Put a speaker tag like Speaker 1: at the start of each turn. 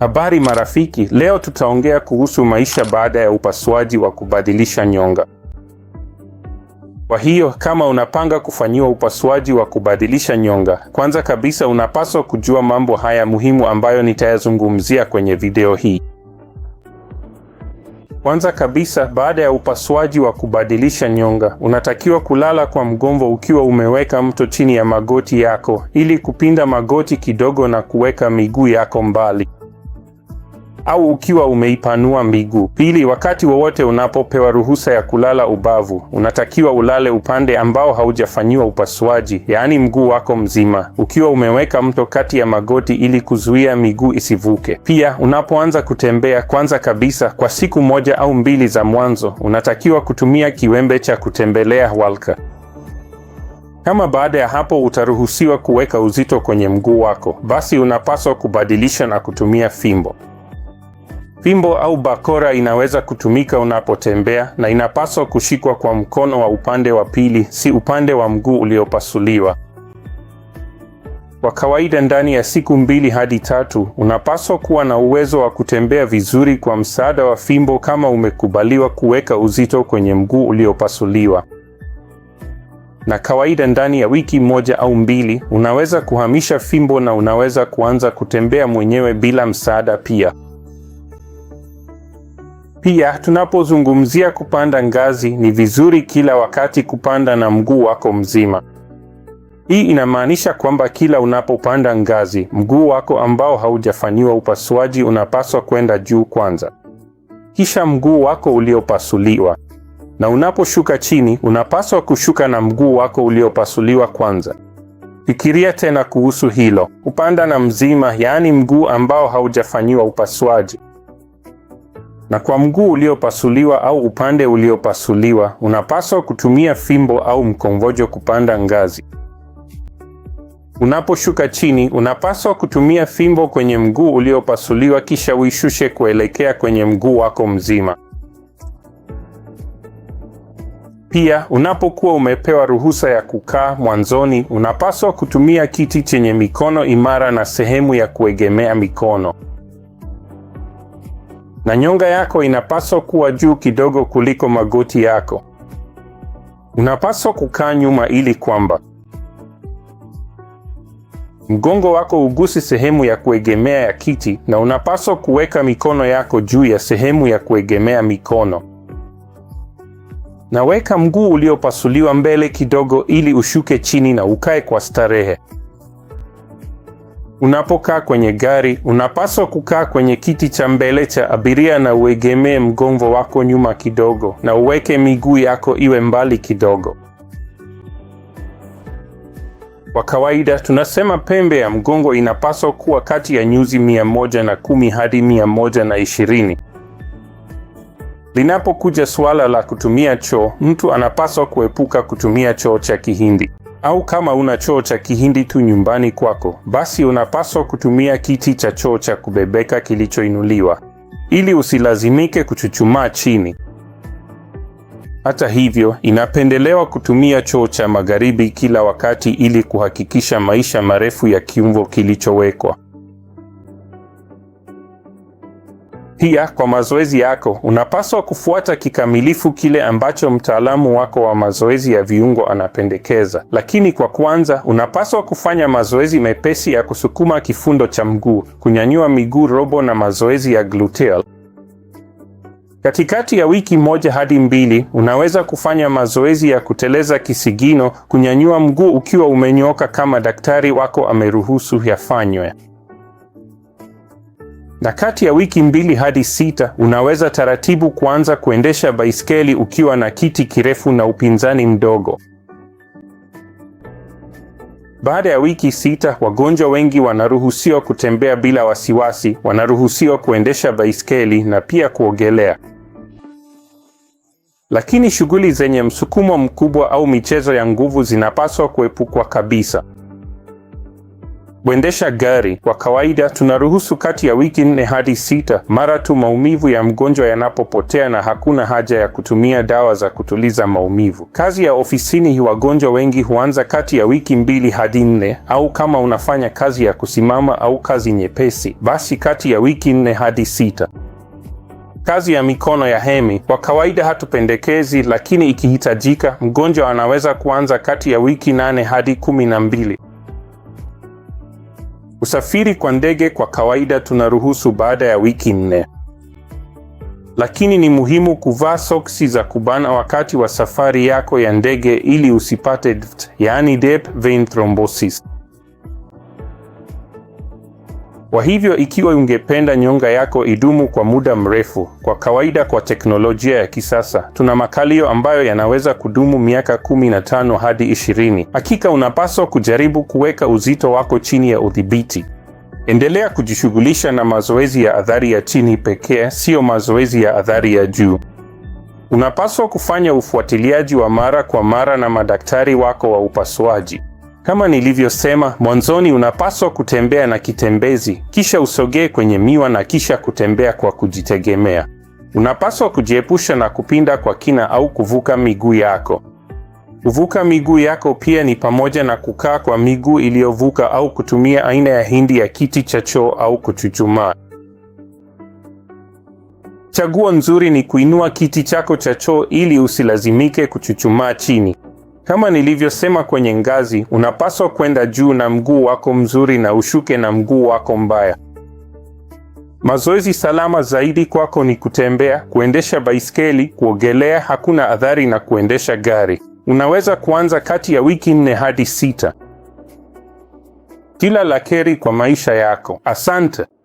Speaker 1: Habari marafiki, leo tutaongea kuhusu maisha baada ya upasuaji wa kubadilisha nyonga. Kwa hiyo kama unapanga kufanyiwa upasuaji wa kubadilisha nyonga, kwanza kabisa unapaswa kujua mambo haya muhimu ambayo nitayazungumzia kwenye video hii. Kwanza kabisa, baada ya upasuaji wa kubadilisha nyonga, unatakiwa kulala kwa mgongo ukiwa umeweka mto chini ya magoti yako ili kupinda magoti kidogo na kuweka miguu yako mbali au ukiwa umeipanua miguu. Pili, wakati wowote unapopewa ruhusa ya kulala ubavu, unatakiwa ulale upande ambao haujafanyiwa upasuaji, yaani mguu wako mzima, ukiwa umeweka mto kati ya magoti ili kuzuia miguu isivuke. Pia unapoanza kutembea, kwanza kabisa, kwa siku moja au mbili za mwanzo, unatakiwa kutumia kiwembe cha kutembelea walka. Kama baada ya hapo utaruhusiwa kuweka uzito kwenye mguu wako, basi unapaswa kubadilisha na kutumia fimbo. Fimbo au bakora inaweza kutumika unapotembea na inapaswa kushikwa kwa mkono wa upande wa pili, si upande wa mguu uliopasuliwa. Kwa kawaida, ndani ya siku mbili hadi tatu, unapaswa kuwa na uwezo wa kutembea vizuri kwa msaada wa fimbo kama umekubaliwa kuweka uzito kwenye mguu uliopasuliwa. Na kawaida, ndani ya wiki moja au mbili, unaweza kuhamisha fimbo na unaweza kuanza kutembea mwenyewe bila msaada pia. Pia tunapozungumzia kupanda ngazi, ni vizuri kila wakati kupanda na mguu wako mzima. Hii inamaanisha kwamba kila unapopanda ngazi, mguu wako ambao haujafanyiwa upasuaji unapaswa kwenda juu kwanza, kisha mguu wako uliopasuliwa. Na unaposhuka chini, unapaswa kushuka na mguu wako uliopasuliwa kwanza. Fikiria tena kuhusu hilo, kupanda na mzima, yaani mguu ambao haujafanyiwa upasuaji. Na kwa mguu uliopasuliwa au upande uliopasuliwa, unapaswa kutumia fimbo au mkongojo kupanda ngazi. Unaposhuka chini, unapaswa kutumia fimbo kwenye mguu uliopasuliwa kisha uishushe kuelekea kwenye mguu wako mzima. Pia, unapokuwa umepewa ruhusa ya kukaa mwanzoni, unapaswa kutumia kiti chenye mikono imara na sehemu ya kuegemea mikono na nyonga yako inapaswa kuwa juu kidogo kuliko magoti yako. Unapaswa kukaa nyuma ili kwamba mgongo wako ugusi sehemu ya kuegemea ya kiti, na unapaswa kuweka mikono yako juu ya sehemu ya kuegemea mikono. Naweka mguu uliopasuliwa mbele kidogo ili ushuke chini na ukae kwa starehe. Unapokaa kwenye gari, unapaswa kukaa kwenye kiti cha mbele cha abiria na uegemee mgongo wako nyuma kidogo na uweke miguu yako iwe mbali kidogo. Kwa kawaida tunasema pembe ya mgongo inapaswa kuwa kati ya nyuzi 110 hadi 120. Linapokuja suala la kutumia choo, mtu anapaswa kuepuka kutumia choo cha Kihindi au kama una choo cha Kihindi tu nyumbani kwako, basi unapaswa kutumia kiti cha choo cha kubebeka kilichoinuliwa ili usilazimike kuchuchumaa chini. Hata hivyo, inapendelewa kutumia choo cha magharibi kila wakati ili kuhakikisha maisha marefu ya kiumbo kilichowekwa. pia kwa mazoezi yako unapaswa kufuata kikamilifu kile ambacho mtaalamu wako wa mazoezi ya viungo anapendekeza, lakini kwa kwanza unapaswa kufanya mazoezi mepesi ya kusukuma kifundo cha mguu, kunyanyua miguu robo na mazoezi ya gluteal. Katikati ya wiki moja hadi mbili unaweza kufanya mazoezi ya kuteleza kisigino, kunyanyua mguu ukiwa umenyoka kama daktari wako ameruhusu yafanywe na kati ya wiki mbili hadi sita unaweza taratibu kuanza kuendesha baiskeli ukiwa na kiti kirefu na upinzani mdogo. Baada ya wiki sita, wagonjwa wengi wanaruhusiwa kutembea bila wasiwasi, wanaruhusiwa kuendesha baiskeli na pia kuogelea. Lakini shughuli zenye msukumo mkubwa au michezo ya nguvu zinapaswa kuepukwa kabisa. Kuendesha gari kwa kawaida tunaruhusu kati ya wiki nne hadi sita mara tu maumivu ya mgonjwa yanapopotea na hakuna haja ya kutumia dawa za kutuliza maumivu. Kazi ya ofisini, wagonjwa wengi huanza kati ya wiki mbili hadi nne, au kama unafanya kazi ya kusimama au kazi nyepesi, basi kati ya wiki nne hadi sita. Kazi ya mikono ya hemi kwa kawaida hatupendekezi, lakini ikihitajika, mgonjwa anaweza kuanza kati ya wiki nane hadi kumi na mbili. Usafiri kwa ndege kwa kawaida tunaruhusu baada ya wiki nne, lakini ni muhimu kuvaa soksi za kubana wakati wa safari yako ya ndege ili usipate DVT, yaani deep vein thrombosis. Kwa hivyo ikiwa ungependa nyonga yako idumu kwa muda mrefu, kwa kawaida kwa teknolojia ya kisasa, tuna makalio ambayo yanaweza kudumu miaka 15 hadi 20. Hakika unapaswa kujaribu kuweka uzito wako chini ya udhibiti. Endelea kujishughulisha na mazoezi ya athari ya chini pekee, siyo mazoezi ya athari ya juu. Unapaswa kufanya ufuatiliaji wa mara kwa mara na madaktari wako wa upasuaji. Kama nilivyosema mwanzoni, unapaswa kutembea na kitembezi, kisha usogee kwenye miwa na kisha kutembea kwa kujitegemea. Unapaswa kujiepusha na kupinda kwa kina au kuvuka miguu yako. Kuvuka miguu yako pia ni pamoja na kukaa kwa miguu iliyovuka au kutumia aina ya hindi ya kiti cha choo au kuchuchumaa. Chaguo nzuri ni kuinua kiti chako cha choo ili usilazimike kuchuchumaa chini. Kama nilivyosema kwenye ngazi, unapaswa kwenda juu na mguu wako mzuri na ushuke na mguu wako mbaya. Mazoezi salama zaidi kwako ni kutembea, kuendesha baiskeli, kuogelea, hakuna adhari na kuendesha gari. Unaweza kuanza kati ya wiki nne hadi sita. Kila la kheri kwa maisha yako. Asante.